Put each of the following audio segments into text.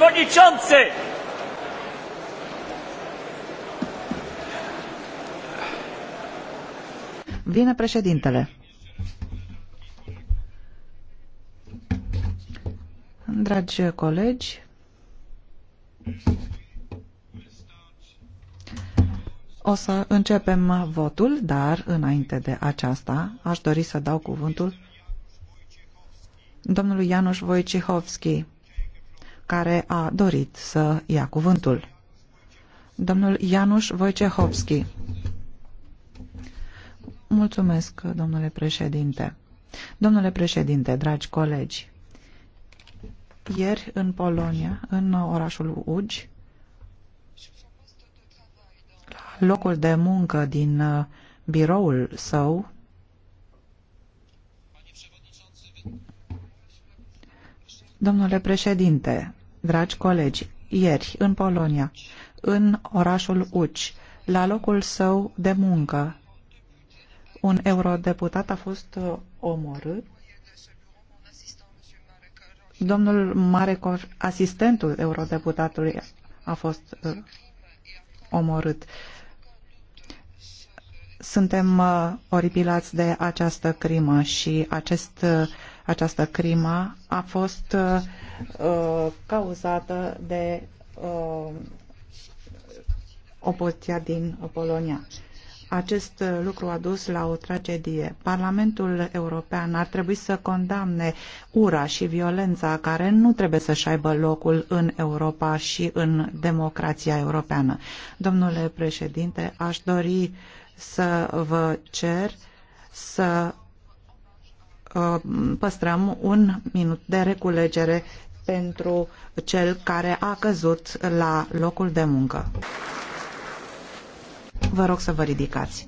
przewodniczący! Vine președintele. Dragi colegi, o să începem votul, dar înainte de aceasta aș dori să dau cuvântul domnului Ianuș Wojciechowski care a dorit să ia cuvântul. Domnul Ianuș Wojciechowski. Mulțumesc, domnule președinte. Domnule președinte, dragi colegi, ieri în Polonia, în orașul Ugi, locul de muncă din uh, biroul său, Domnule președinte, dragi colegi, ieri, în Polonia, în orașul Uci, la locul său de muncă, un eurodeputat a fost uh, omorât. Domnul Marecor, asistentul eurodeputatului, a fost uh, omorât. Suntem uh, oribilați de această crimă și acest, uh, această crimă a fost uh, uh, cauzată de uh, opoziția din Polonia. Acest lucru a dus la o tragedie. Parlamentul European ar trebui să condamne ura și violența care nu trebuie să-și aibă locul în Europa și în democrația europeană. Domnule președinte, aș dori uh, să vă cer să uh, păstrăm un minut de reculegere pentru cel care a căzut la locul de muncă. Vă rog să vă ridicați.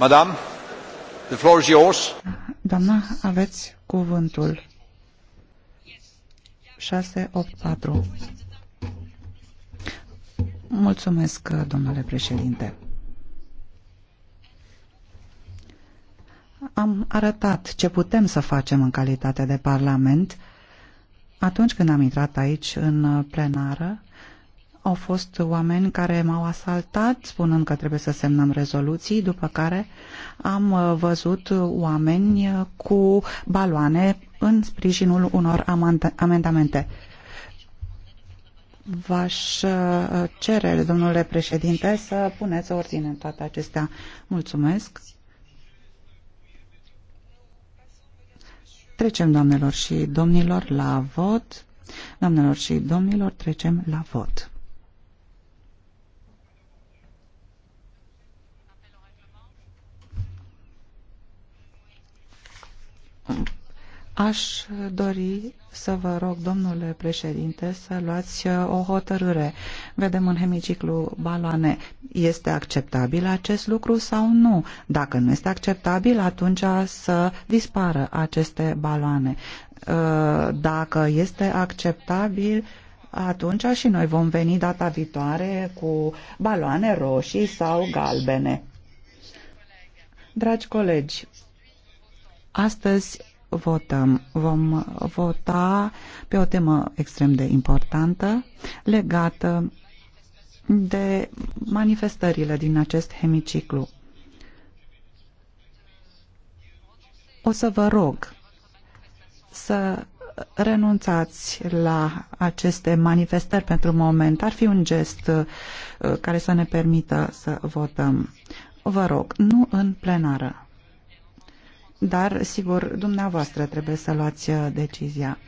Madame, the floor is yours. Doamna, aveți cuvântul. 684. Mulțumesc, domnule președinte. Am arătat ce putem să facem în calitate de Parlament atunci când am intrat aici în plenară au fost oameni care m-au asaltat spunând că trebuie să semnăm rezoluții, după care am uh, văzut oameni uh, cu baloane în sprijinul unor amendamente. V-aș uh, cere, domnule președinte, să puneți ordine în toate acestea. Mulțumesc. Trecem, doamnelor și domnilor, la vot. Doamnelor și domnilor, trecem la vot. Aș dori să vă rog, domnule președinte, să luați uh, o hotărâre. Vedem în hemiciclu baloane. Este acceptabil acest lucru sau nu? Dacă nu este acceptabil, atunci să dispară aceste baloane. Uh, dacă este acceptabil, atunci și noi vom veni data viitoare cu baloane roșii sau galbene. Dragi colegi, astăzi votăm. Vom vota pe o temă extrem de importantă legată de manifestările din acest hemiciclu. O să vă rog să renunțați la aceste manifestări pentru moment. Ar fi un gest uh, care să ne permită să votăm. Vă rog, nu în plenară dar, sigur, dumneavoastră trebuie să luați uh, decizia.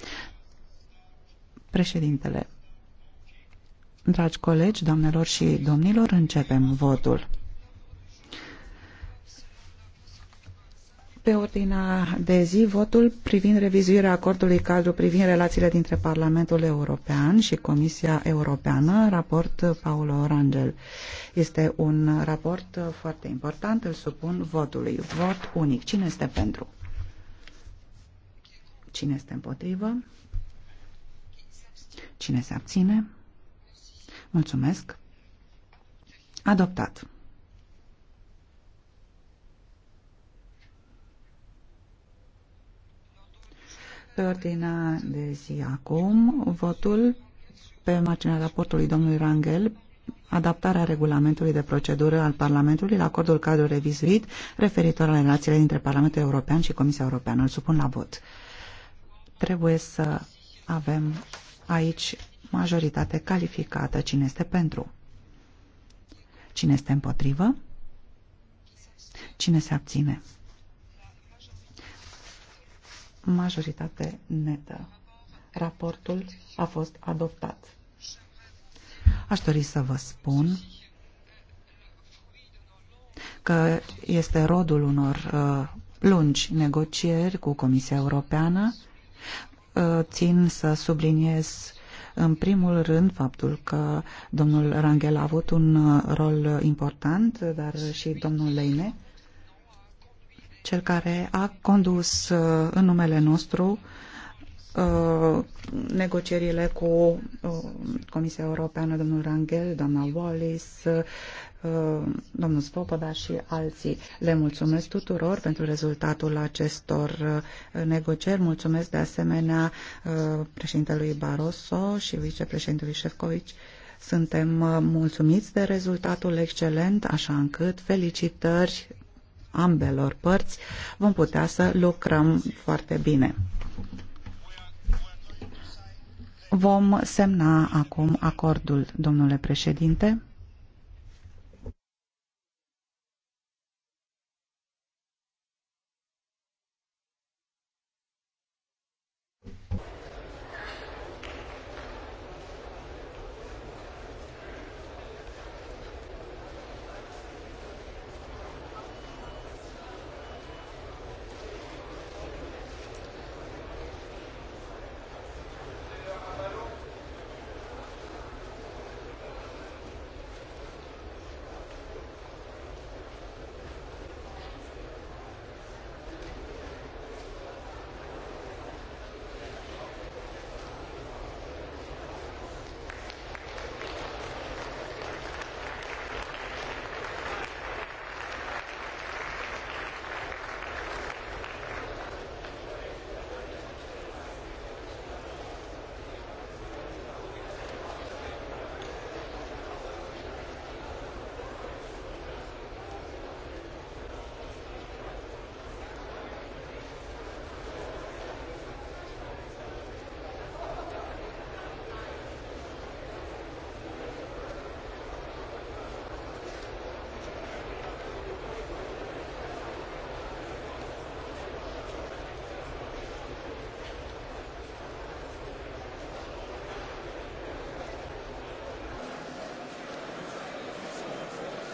Președintele, dragi colegi, doamnelor și domnilor, începem votul. pe ordinea de zi votul privind revizuirea acordului cadru privind relațiile dintre Parlamentul European și Comisia Europeană, raport Paolo Orangel, Este un raport foarte important, îl supun votului. Vot unic. Cine este pentru? Cine este împotrivă? Cine se abține? Mulțumesc. Adoptat. pe ordinea de zi acum votul pe marginea raportului domnului Rangel adaptarea regulamentului de procedură al Parlamentului la acordul cadru revizuit referitor la relațiile dintre Parlamentul European și Comisia Europeană. Îl supun la vot. Trebuie să avem aici majoritate calificată. Cine este pentru? Cine este împotrivă? Cine se abține? majoritate netă. Raportul a fost adoptat. Aș dori să vă spun că este rodul unor uh, lungi negocieri cu Comisia Europeană. Uh, țin să subliniez în primul rând faptul că domnul Rangel a avut un uh, rol important, dar și domnul Leine cel care a condus uh, în numele nostru uh, negocierile cu uh, Comisia Europeană, domnul Rangel, doamna Wallis, domnul Spopoda și alții. Le mulțumesc tuturor pentru rezultatul acestor negocieri. Mulțumesc de asemenea președintelui Barroso și vicepreședintelui Șefcovici. Suntem mulțumiți de rezultatul excelent, așa încât felicitări ambelor părți, vom putea să lucrăm foarte bine. Vom semna acum acordul, domnule președinte.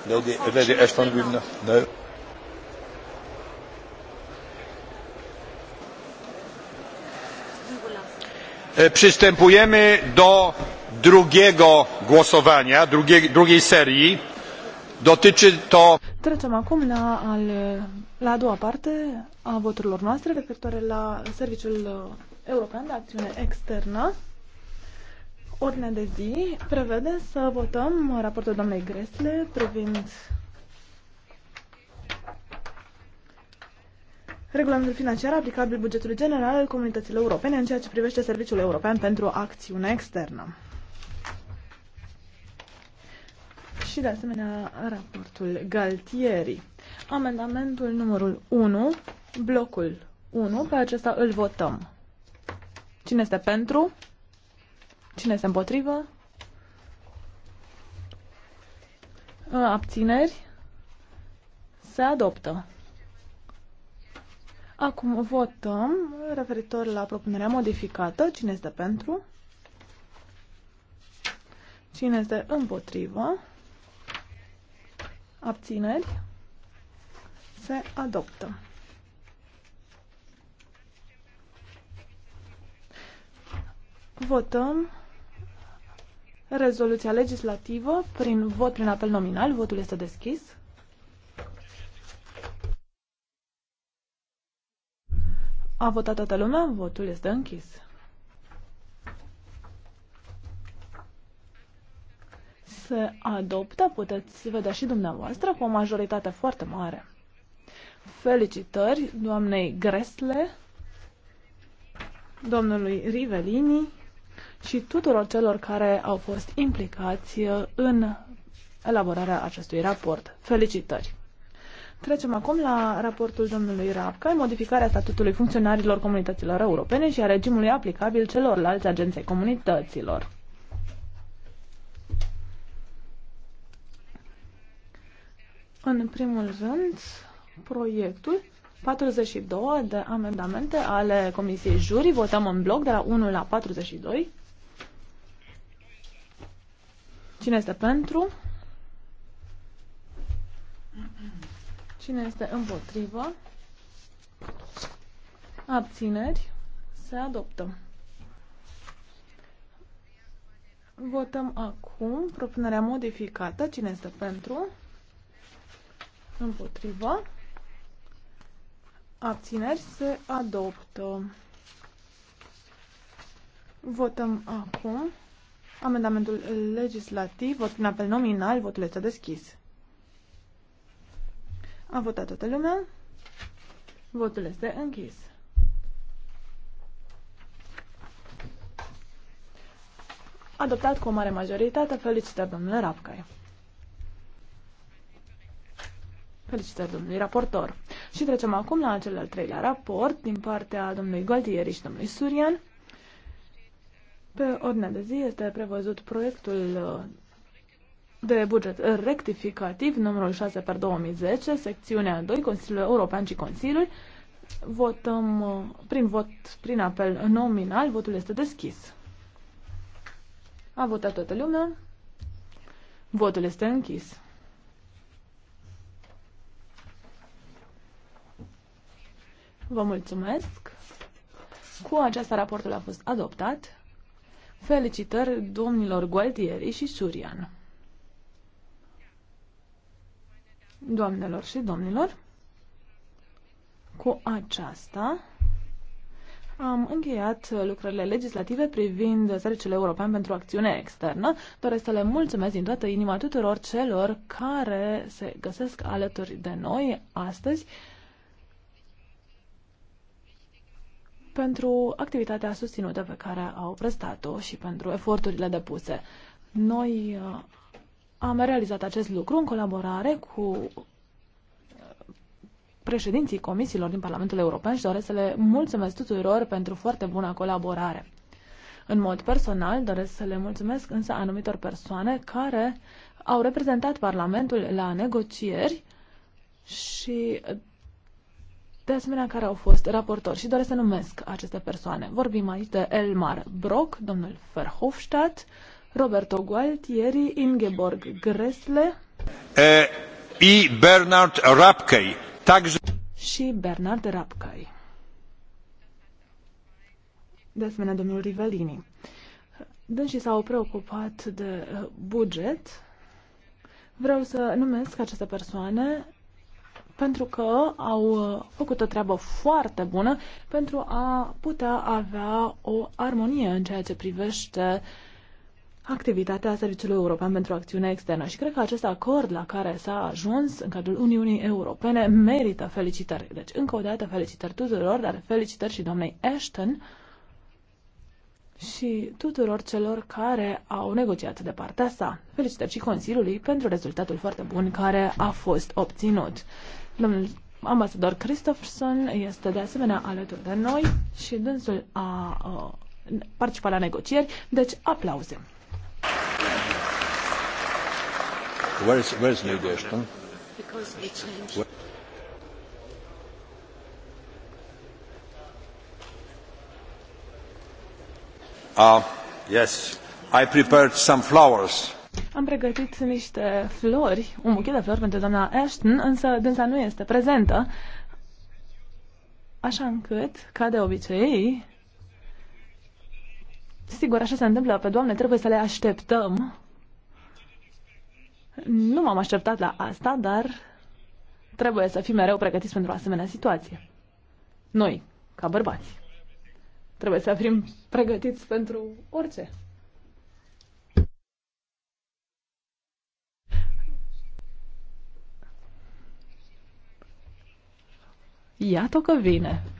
Lady, Ashton will know. Przystępujemy do drugiego głosowania, drugie, drugiej serii. Dotyczy to... Trecem acum la, al, la a doua parte a voturilor noastre referitoare la Serviciul European de Acțiune Externă ordinea de zi prevede să votăm raportul doamnei Gresle privind regulamentul financiar aplicabil bugetului general al comunităților europene în ceea ce privește Serviciul European pentru Acțiune Externă. Și de asemenea raportul Galtieri. Amendamentul numărul 1, blocul 1, pe acesta îl votăm. Cine este pentru? Cine este împotrivă? Abțineri? Se adoptă. Acum votăm referitor la propunerea modificată. Cine este pentru? Cine este împotrivă? Abțineri? Se adoptă. Votăm rezoluția legislativă prin vot prin apel nominal. Votul este deschis. A votat toată lumea, votul este închis. Se adoptă, puteți vedea și dumneavoastră, cu o majoritate foarte mare. Felicitări doamnei Gresle, domnului Rivelini, și tuturor celor care au fost implicați uh, în elaborarea acestui raport. Felicitări! Trecem acum la raportul domnului Rapca, modificarea statutului funcționarilor comunităților europene și a regimului aplicabil celorlalți agenței comunităților. În primul rând, proiectul 42 de amendamente ale Comisiei Jurii, Votăm în bloc de la 1 la 42. Cine este pentru? Cine este împotrivă? Abțineri. Se adoptă. Votăm acum propunerea modificată. Cine este pentru? Împotrivă. Abțineri se adoptă. Votăm acum Amendamentul legislativ, vot prin apel nominal, votul este deschis. A votat toată lumea. Votul este închis. Adoptat cu o mare majoritate, felicitări domnule Rapcai. Felicitări domnului raportor. Și trecem acum la cel al treilea raport din partea domnului Gualtieri și domnului Surian. Pe ordinea de zi este prevăzut proiectul uh, de buget rectificativ numărul 6 per 2010, secțiunea 2, Consiliul European și Consiliul. Votăm uh, prin vot, prin apel nominal, votul este deschis. A votat toată lumea. Votul este închis. Vă mulțumesc. Cu aceasta raportul a fost adoptat. Felicitări domnilor Gualtieri și Surian. Doamnelor și domnilor, cu aceasta am încheiat lucrările legislative privind Serviciul European pentru Acțiune Externă. Doresc să le mulțumesc din toată inima tuturor celor care se găsesc alături de noi astăzi. pentru activitatea susținută pe care au prestat-o și pentru eforturile depuse. Noi uh, am realizat acest lucru în colaborare cu uh, președinții comisiilor din Parlamentul European și doresc să le mulțumesc tuturor pentru foarte bună colaborare. În mod personal, doresc să le mulțumesc însă anumitor persoane care au reprezentat Parlamentul la negocieri și de asemenea care au fost raportori și doresc să numesc aceste persoane. Vorbim aici de Elmar Brock, domnul Verhofstadt, Roberto Gualtieri, Ingeborg Gresle e, i Bernard Rapkei. Także... Și Bernard Rapkei. De asemenea, domnul Rivelini. Dânsii s-au preocupat de uh, buget. Vreau să numesc aceste persoane pentru că au uh, făcut o treabă foarte bună pentru a putea avea o armonie în ceea ce privește activitatea Serviciului European pentru Acțiune Externă. Și cred că acest acord la care s-a ajuns în cadrul Uniunii Europene merită felicitări. Deci, încă o dată, felicitări tuturor, dar felicitări și doamnei Ashton și tuturor celor care au negociat de partea sa. Felicitări și Consiliului pentru rezultatul foarte bun care a fost obținut. Domnul ambasador Christofferson este de asemenea alături de noi și dânsul a, a participat la negocieri, deci aplauze. Where's, where's Ah, Am pregătit niște flori, un buchet de flori pentru doamna Ashton, însă dânsa nu este prezentă, așa încât, ca de obicei, sigur, așa se întâmplă, pe doamne trebuie să le așteptăm. Nu m-am așteptat la asta, dar trebuie să fim mereu pregătiți pentru o asemenea situație. Noi, ca bărbați. Trebuie să fim pregătiți pentru orice. Iată că vine.